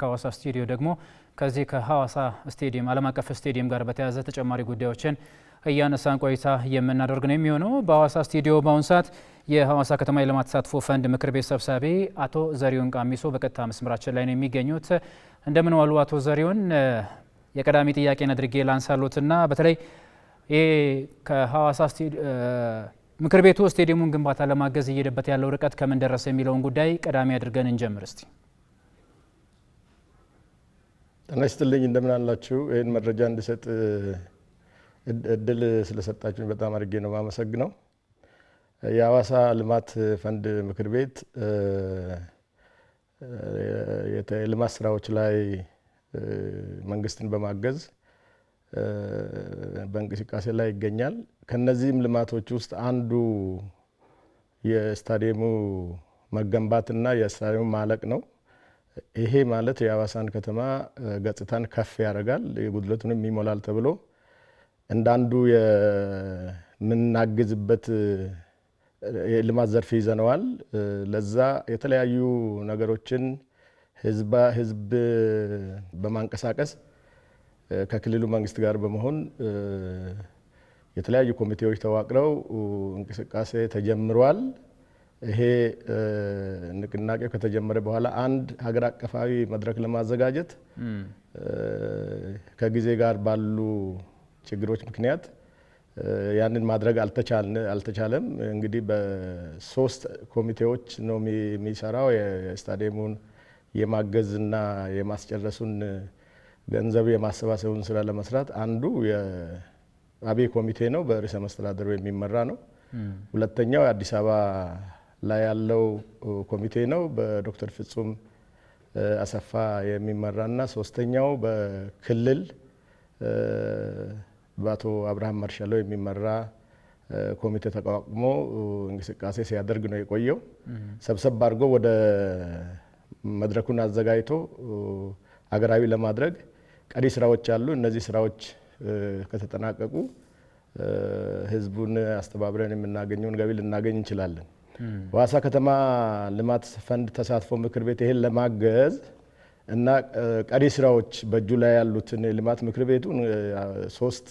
ከሐዋሳ ስቱዲዮ ደግሞ ከዚህ ከሐዋሳ ስቴዲየም ዓለም አቀፍ ስቴዲየም ጋር በተያያዘ ተጨማሪ ጉዳዮችን እያነሳን ቆይታ የምናደርግ ነው የሚሆነው። በሐዋሳ ስቱዲዮ በአሁኑ ሰዓት የሐዋሳ ከተማ የልማት ተሳትፎ ፈንድ ምክር ቤት ሰብሳቢ አቶ ዘሪሁን ቃሚሶ በቀጥታ መስመራችን ላይ ነው የሚገኙት። እንደምን ዋሉ አቶ ዘሪሁን? የቀዳሚ ጥያቄን አድርጌ ላንሳሎትና በተለይ ይህ ከሐዋሳ ምክር ቤቱ ስቴዲየሙን ግንባታ ለማገዝ እየሄደበት ያለው ርቀት ከምን ደረሰ የሚለውን ጉዳይ ቀዳሚ አድርገን እንጀምር እስቲ። ጤና ይስጥልኝ እንደምን አላችሁ። ይህን መረጃ እንድሰጥ እድል ስለሰጣችሁ በጣም አድርጌ ነው የማመሰግነው። የአዋሳ ልማት ፈንድ ምክር ቤት የልማት ስራዎች ላይ መንግስትን በማገዝ በእንቅስቃሴ ላይ ይገኛል። ከነዚህም ልማቶች ውስጥ አንዱ የስታዲየሙ መገንባትና የስታዲየሙ ማለቅ ነው። ይሄ ማለት የአዋሳን ከተማ ገጽታን ከፍ ያደርጋል፣ የጉድለቱንም ይሞላል ተብሎ እንዳንዱ የምናግዝበት የልማት ዘርፍ ይዘነዋል። ለዛ የተለያዩ ነገሮችን ህዝብ በማንቀሳቀስ ከክልሉ መንግስት ጋር በመሆን የተለያዩ ኮሚቴዎች ተዋቅረው እንቅስቃሴ ተጀምሯል። ይሄ ንቅናቄው ከተጀመረ በኋላ አንድ ሀገር አቀፋዊ መድረክ ለማዘጋጀት ከጊዜ ጋር ባሉ ችግሮች ምክንያት ያንን ማድረግ አልተቻለም። እንግዲህ በሶስት ኮሚቴዎች ነው የሚሰራው። የስታዲየሙን የማገዝና የማስጨረሱን ገንዘብ የማሰባሰቡን ስራ ለመስራት አንዱ የአብይ ኮሚቴ ነው፣ በርዕሰ መስተዳደሩ የሚመራ ነው። ሁለተኛው የአዲስ አበባ ላይ ያለው ኮሚቴ ነው በዶክተር ፍጹም አሰፋ የሚመራና ሶስተኛው በክልል በአቶ አብርሃም መርሻሎ የሚመራ ኮሚቴ ተቋቁሞ እንቅስቃሴ ሲያደርግ ነው የቆየው። ሰብሰብ አድርጎ ወደ መድረኩን አዘጋጅቶ አገራዊ ለማድረግ ቀሪ ስራዎች አሉ። እነዚህ ስራዎች ከተጠናቀቁ ህዝቡን አስተባብረን የምናገኘውን ገቢ ልናገኝ እንችላለን። በሀዋሳ ከተማ ልማት ፈንድ ተሳትፎ ምክር ቤት ይሄን ለማገዝ እና ቀሪ ስራዎች በእጁ ላይ ያሉትን ልማት ምክር ቤቱን ሶስት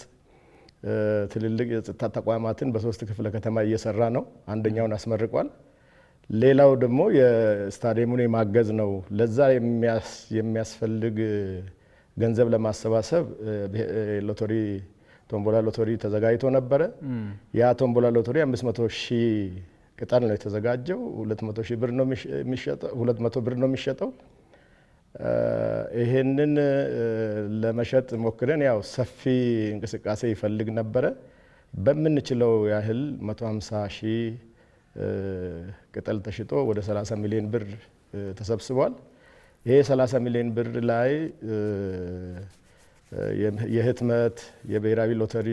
ትልልቅ የጸጥታ ተቋማትን በሶስት ክፍለ ከተማ እየሰራ ነው። አንደኛውን አስመርቋል። ሌላው ደግሞ የስታዲየሙን የማገዝ ነው። ለዛ የሚያስፈልግ ገንዘብ ለማሰባሰብ ሎተሪ ቶምቦላ ሎተሪ ተዘጋጅቶ ነበረ። ያ ቶምቦላ ሎተሪ 500 ሺህ ቅጠል ነው የተዘጋጀው። 200 ሺህ ብር ነው የሚሸጠው። 200 ብር ነው የሚሸጠው። ይሄንን ለመሸጥ ሞክረን ያው ሰፊ እንቅስቃሴ ይፈልግ ነበረ። በምንችለው ያህል 150 ሺህ ቅጠል ተሽጦ ወደ 30 ሚሊዮን ብር ተሰብስቧል። ይሄ 30 ሚሊዮን ብር ላይ የህትመት የብሔራዊ ሎተሪ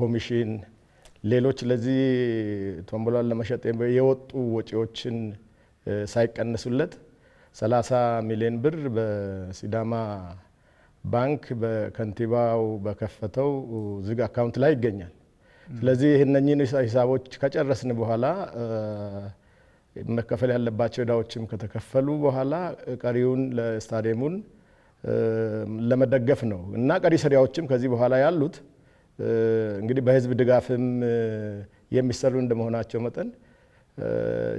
ኮሚሽን ሌሎች ለዚህ ቶምቦላን ለመሸጥ የወጡ ወጪዎችን ሳይቀንሱለት 30 ሚሊዮን ብር በሲዳማ ባንክ በከንቲባው በከፈተው ዝግ አካውንት ላይ ይገኛል። ስለዚህ እነኚህን ሂሳቦች ከጨረስን በኋላ መከፈል ያለባቸው እዳዎችም ከተከፈሉ በኋላ ቀሪውን ለስታዲየሙን ለመደገፍ ነው እና ቀሪ ስራዎችም ከዚህ በኋላ ያሉት እንግዲህ በህዝብ ድጋፍም የሚሰሩ እንደመሆናቸው መጠን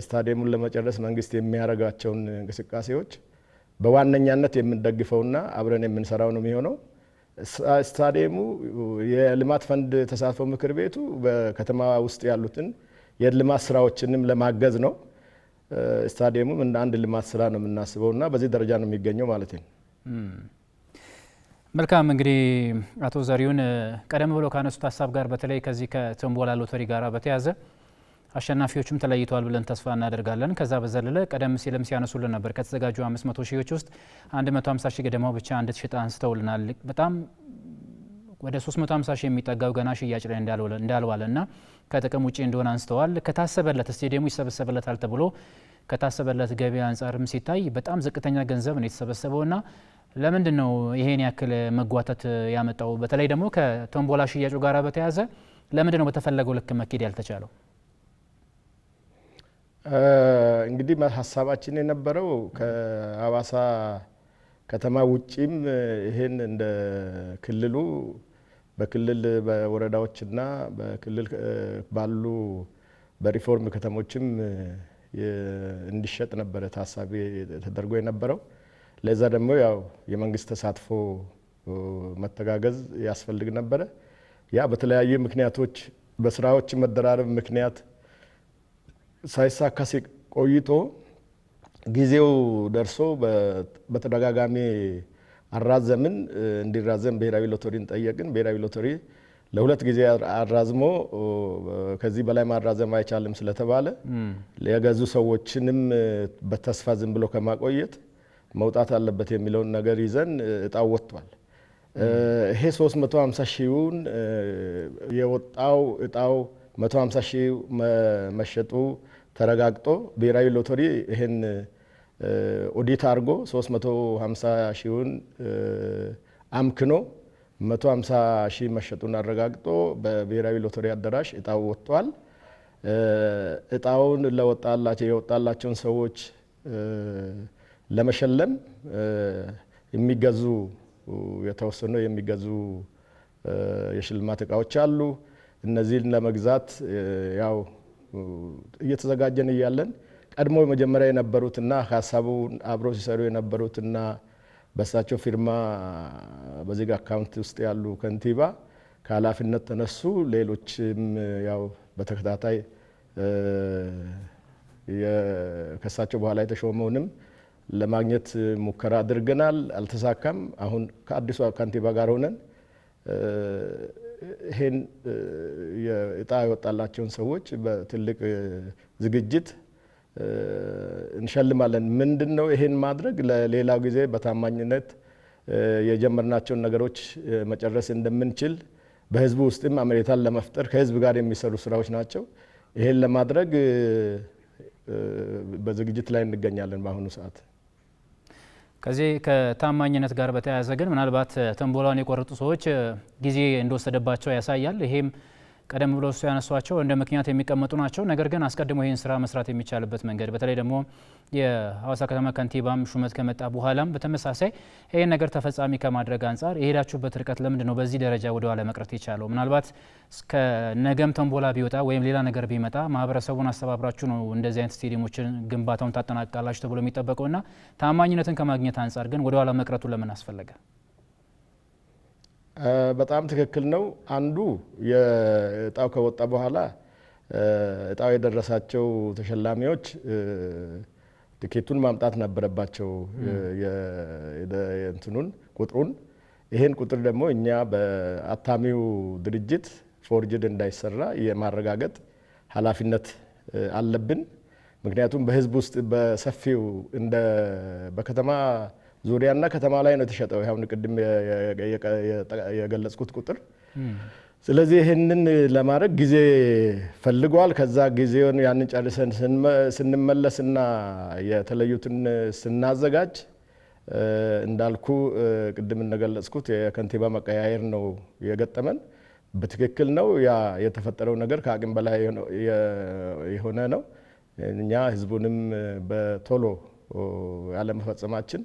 ስታዲየሙን ለመጨረስ መንግስት የሚያደርጋቸውን እንቅስቃሴዎች በዋነኛነት የምንደግፈውና አብረን የምንሰራው ነው የሚሆነው። ስታዲየሙ የልማት ፈንድ ተሳትፎ ምክር ቤቱ በከተማ ውስጥ ያሉትን የልማት ስራዎችንም ለማገዝ ነው። ስታዲየሙም እንደ አንድ ልማት ስራ ነው የምናስበው እና በዚህ ደረጃ ነው የሚገኘው ማለት ነው። መልካም እንግዲህ አቶ ዘሪሁን ቀደም ብሎ ካነሱት ሀሳብ ጋር በተለይ ከዚህ ከቶምቦላ ሎተሪ ጋር በተያዘ አሸናፊዎችም ተለይተዋል ብለን ተስፋ እናደርጋለን። ከዛ በዘለለ ቀደም ሲልም ሲያነሱልን ነበር ከተዘጋጁ 500 ሺዎች ውስጥ 150 ሺ ገደማው ብቻ እንደተሸጠ አንስተውልናል። በጣም ወደ 350 ሺ የሚጠጋው ገና ሽያጭ ላይ እንዳልዋለ እና ከጥቅም ውጭ እንደሆነ አንስተዋል። ከታሰበለት ስቴዲየሙ ይሰበሰበለታል ተብሎ ከታሰበለት ገቢ አንጻርም ሲታይ በጣም ዝቅተኛ ገንዘብ ነው የተሰበሰበው ና። ለምንድን ነው ይሄን ያክል መጓተት ያመጣው? በተለይ ደግሞ ከቶምቦላ ሽያጩ ጋር በተያያዘ ለምንድን ነው በተፈለገው ልክ መኬድ ያልተቻለው? እንግዲህ ሀሳባችን የነበረው ከሀዋሳ ከተማ ውጪም ይሄን እንደ ክልሉ በክልል በወረዳዎችና በክልል ባሉ በሪፎርም ከተሞችም እንዲሸጥ ነበረ ታሳቢ ተደርጎ የነበረው ለዛ ደግሞ ያው የመንግስት ተሳትፎ መተጋገዝ ያስፈልግ ነበረ። ያ በተለያዩ ምክንያቶች በስራዎች መደራረብ ምክንያት ሳይሳካ ቆይቶ ጊዜው ደርሶ በተደጋጋሚ አራዘምን። እንዲራዘም ብሔራዊ ሎተሪን ጠየቅን። ብሔራዊ ሎተሪ ለሁለት ጊዜ አራዝሞ ከዚህ በላይ ማራዘም አይቻልም ስለተባለ የገዙ ሰዎችንም በተስፋ ዝም ብሎ ከማቆየት መውጣት አለበት የሚለውን ነገር ይዘን እጣው ወጥቷል። ይሄ 350 ሺውን የወጣው እጣው 150 ሺ መሸጡ ተረጋግጦ ብሔራዊ ሎተሪ ይሄን ኦዲት አድርጎ 350 ሺውን አምክኖ 150 ሺህ መሸጡን አረጋግጦ በብሔራዊ ሎተሪ አዳራሽ እጣው ወጥቷል። እጣውን ለወጣላቸው የወጣላቸውን ሰዎች ለመሸለም የሚገዙ የተወሰኑ የሚገዙ የሽልማት እቃዎች አሉ። እነዚህን ለመግዛት ያው እየተዘጋጀን እያለን ቀድሞ መጀመሪያ የነበሩትና ሀሳቡ አብሮ ሲሰሩ የነበሩትና በእሳቸው ፊርማ በዚግ አካውንት ውስጥ ያሉ ከንቲባ ከኃላፊነት ተነሱ። ሌሎችም ያው በተከታታይ ከእሳቸው በኋላ የተሾመውንም ለማግኘት ሙከራ አድርገናል፣ አልተሳካም። አሁን ከአዲሱ ከንቲባ ጋር ሆነን ይህን እጣ የወጣላቸውን ሰዎች በትልቅ ዝግጅት እንሸልማለን። ምንድን ነው ይህን ማድረግ ለሌላው ጊዜ በታማኝነት የጀመርናቸውን ነገሮች መጨረስ እንደምንችል በህዝቡ ውስጥም አመኔታን ለመፍጠር ከህዝብ ጋር የሚሰሩ ስራዎች ናቸው። ይህን ለማድረግ በዝግጅት ላይ እንገኛለን በአሁኑ ሰዓት። ከዚህ ከታማኝነት ጋር በተያያዘ ግን ምናልባት ትንበላውን የቆረጡ ሰዎች ጊዜ እንደወሰደባቸው ያሳያል። ይሄም ቀደም ብሎ እሱ ያነሷቸው እንደ ምክንያት የሚቀመጡ ናቸው። ነገር ግን አስቀድሞ ይህን ስራ መስራት የሚቻልበት መንገድ በተለይ ደግሞ የሀዋሳ ከተማ ከንቲባም ሹመት ከመጣ በኋላም በተመሳሳይ ይህን ነገር ተፈጻሚ ከማድረግ አንጻር የሄዳችሁበት ርቀት ለምንድን ነው በዚህ ደረጃ ወደኋላ መቅረት የቻለው? ምናልባት ከነገም ተንቦላ ቢወጣ ወይም ሌላ ነገር ቢመጣ ማህበረሰቡን አስተባብራችሁ ነው እንደዚህ አይነት ስቴዲየሞችን ግንባታውን ታጠናቃላችሁ ተብሎ የሚጠበቀውና ታማኝነትን ከማግኘት አንጻር ግን ወደኋላ መቅረቱ ለምን አስፈለገ? በጣም ትክክል ነው። አንዱ እጣው ከወጣ በኋላ እጣው የደረሳቸው ተሸላሚዎች ትኬቱን ማምጣት ነበረባቸው እንትኑን ቁጥሩን። ይሄን ቁጥር ደግሞ እኛ በአታሚው ድርጅት ፎርጅድ እንዳይሰራ የማረጋገጥ ኃላፊነት አለብን። ምክንያቱም በህዝብ ውስጥ በሰፊው እንደ በከተማ ዙሪያና ከተማ ላይ ነው የተሸጠው። ያሁን ቅድም የገለጽኩት ቁጥር ስለዚህ ይህንን ለማድረግ ጊዜ ፈልጓል። ከዛ ጊዜውን ያንን ጨርሰን ስንመለስና የተለዩትን ስናዘጋጅ እንዳልኩ ቅድም እንደገለጽኩት የከንቲባ መቀያየር ነው የገጠመን። በትክክል ነው ያ የተፈጠረው ነገር ከአቅም በላይ የሆነ ነው። እኛ ህዝቡንም በቶሎ ያለመፈጸማችን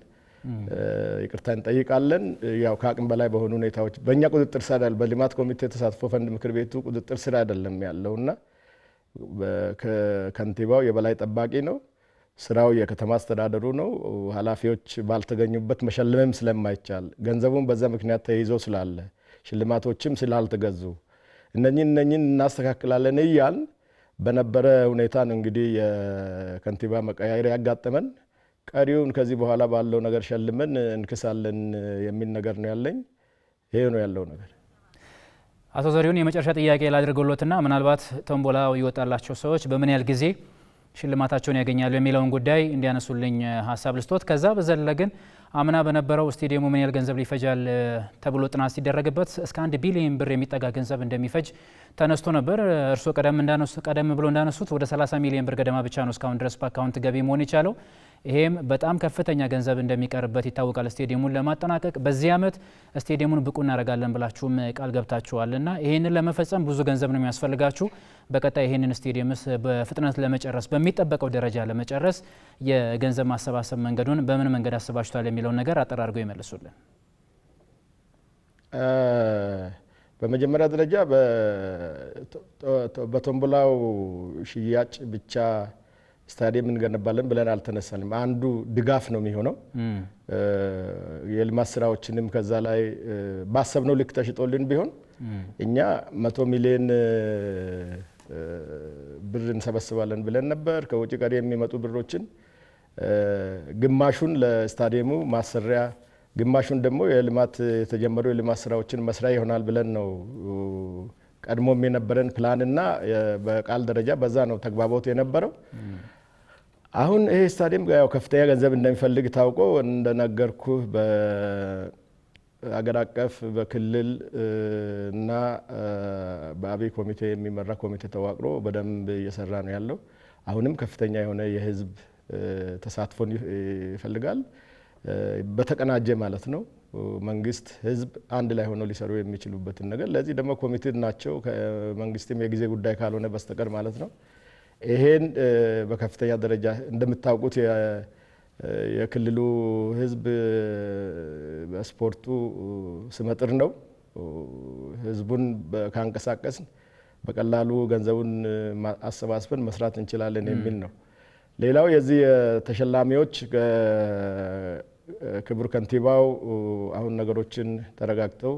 ይቅርታ እንጠይቃለን። ያው ከአቅም በላይ በሆኑ ሁኔታዎች በእኛ ቁጥጥር ስር አይደለም፣ በልማት ኮሚቴ ተሳትፎ ፈንድ ምክር ቤቱ ቁጥጥር ስር አይደለም ያለውና ከንቲባው የበላይ ጠባቂ ነው። ስራው የከተማ አስተዳደሩ ነው። ኃላፊዎች ባልተገኙበት መሸለምም ስለማይቻል ገንዘቡን በዛ ምክንያት ተይዞ ስላለ ሽልማቶችም ስላልተገዙ እነኝን እነኝን እናስተካክላለን እያል በነበረ ሁኔታ እንግዲህ የከንቲባ መቀያየር ያጋጠመን። ቀሪውን ከዚህ በኋላ ባለው ነገር ሸልመን እንክሳለን የሚል ነገር ነው ያለኝ። ይሄ ነው ያለው ነገር። አቶ ዘሪሁን የመጨረሻ ጥያቄ ላድርገሎትና ምናልባት ቶምቦላ ይወጣላቸው ሰዎች በምን ያህል ጊዜ ሽልማታቸውን ያገኛሉ የሚለውን ጉዳይ እንዲያነሱልኝ ሀሳብ ልስቶት። ከዛ በዘለ ግን አምና በነበረው ስቴዲየሙ ምን ያህል ገንዘብ ሊፈጃል ተብሎ ጥናት ሲደረግበት እስከ አንድ ቢሊዮን ብር የሚጠጋ ገንዘብ እንደሚፈጅ ተነስቶ ነበር። እርስዎ ቀደም ብሎ እንዳነሱት ወደ 30 ሚሊዮን ብር ገደማ ብቻ ነው እስካሁን ድረስ በአካውንት ገቢ መሆን የቻለው። ይሄም በጣም ከፍተኛ ገንዘብ እንደሚቀርበት ይታወቃል። ስቴዲየሙን ለማጠናቀቅ በዚህ ዓመት ስቴዲየሙን ብቁ እናደርጋለን ብላችሁም ቃል እና ይህንን ለመፈጸም ብዙ ገንዘብ ነው የሚያስፈልጋችሁ። በቀጣይ ይህንን ስቴዲየምስ በፍጥነት ለመጨረስ በሚጠበቀው ደረጃ ለመጨረስ የገንዘብ ማሰባሰብ መንገዱን በምን መንገድ አስባችኋል የሚለውን ነገር አጠራርገው ይመለሱልን። ይመልሱልን። በመጀመሪያ ደረጃ በቶምቦላው ሽያጭ ብቻ ስታዲየም እንገነባለን ብለን አልተነሳንም። አንዱ ድጋፍ ነው የሚሆነው። የልማት ስራዎችንም ከዛ ላይ ባሰብነው ልክ ተሽጦልን ቢሆን እኛ መቶ ሚሊዮን ብር እንሰበስባለን ብለን ነበር። ከውጭ ቀሪ የሚመጡ ብሮችን ግማሹን ለስታዲየሙ ማሰሪያ፣ ግማሹን ደግሞ የልማት የተጀመሩ የልማት ስራዎችን መስሪያ ይሆናል ብለን ነው ቀድሞም የነበረን ፕላንና በቃል ደረጃ በዛ ነው ተግባቦት የነበረው። አሁን ይሄ ስታዲየም ያው ከፍተኛ ገንዘብ እንደሚፈልግ ታውቆ እንደነገርኩህ በአገር አቀፍ በክልል እና በአብይ ኮሚቴ የሚመራ ኮሚቴ ተዋቅሮ በደንብ እየሰራ ነው ያለው። አሁንም ከፍተኛ የሆነ የህዝብ ተሳትፎን ይፈልጋል፣ በተቀናጀ ማለት ነው። መንግስት ህዝብ አንድ ላይ ሆነው ሊሰሩ የሚችሉበትን ነገር ለዚህ ደግሞ ኮሚቴ ናቸው። መንግስትም የጊዜ ጉዳይ ካልሆነ በስተቀር ማለት ነው ይሄን በከፍተኛ ደረጃ እንደምታውቁት የክልሉ ህዝብ በስፖርቱ ስመጥር ነው። ህዝቡን ካንቀሳቀስን በቀላሉ ገንዘቡን አሰባስበን መስራት እንችላለን የሚል ነው። ሌላው የዚህ ተሸላሚዎች ክቡር ከንቲባው አሁን ነገሮችን ተረጋግተው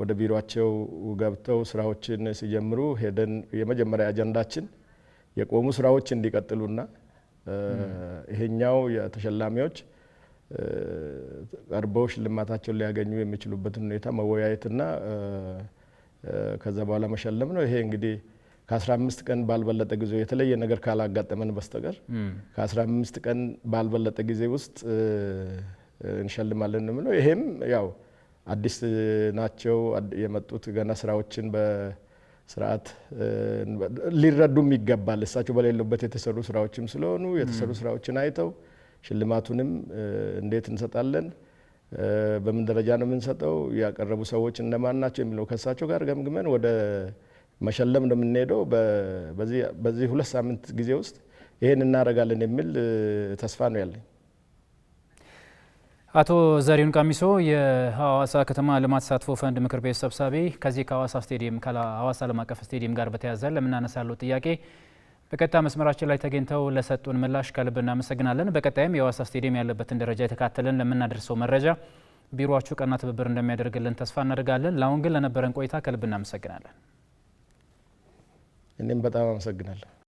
ወደ ቢሮቸው ገብተው ስራዎችን ሲጀምሩ ሄደን የመጀመሪያ አጀንዳችን የቆሙ ስራዎች እንዲቀጥሉና ይሄኛው የተሸላሚዎች ቀርበው ሽልማታቸውን ሊያገኙ የሚችሉበትን ሁኔታ መወያየትና ከዛ በኋላ መሸለም ነው። ይሄ እንግዲህ ከ15 ቀን ባልበለጠ ጊዜ የተለየ ነገር ካላጋጠመን በስተቀር ከ15 ቀን ባልበለጠ ጊዜ ውስጥ እንሸልማለን የምለው ይሄም ያው አዲስ ናቸው የመጡት ገና ስራዎችን በስርዓት ሊረዱም ይገባል። እሳቸው በሌሉበት የተሰሩ ስራዎችም ስለሆኑ የተሰሩ ስራዎችን አይተው ሽልማቱንም እንዴት እንሰጣለን፣ በምን ደረጃ ነው የምንሰጠው፣ ያቀረቡ ሰዎች እነማን ናቸው የሚለው ከእሳቸው ጋር ገምግመን ወደ መሸለም ነው የምንሄደው። በዚህ ሁለት ሳምንት ጊዜ ውስጥ ይህን እናደርጋለን የሚል ተስፋ ነው ያለኝ። አቶ ዘሪሁን ቀሚሶ የሀዋሳ ከተማ ልማት ተሳትፎ ፈንድ ምክር ቤት ሰብሳቢ፣ ከዚህ ከሀዋሳ ስቴዲየም ከሀዋሳ ዓለም አቀፍ ስቴዲየም ጋር በተያያዘ ለምናነሳለው ጥያቄ በቀጥታ መስመራችን ላይ ተገኝተው ለሰጡን ምላሽ ከልብ እናመሰግናለን። በቀጣይም የሀዋሳ ስቴዲየም ያለበትን ደረጃ የተካተልን ለምናደርሰው መረጃ ቢሮችሁ ቀና ትብብር እንደሚያደርግልን ተስፋ እናደርጋለን። ለአሁን ግን ለነበረን ቆይታ ከልብ እናመሰግናለን። እኔም በጣም አመሰግናለሁ።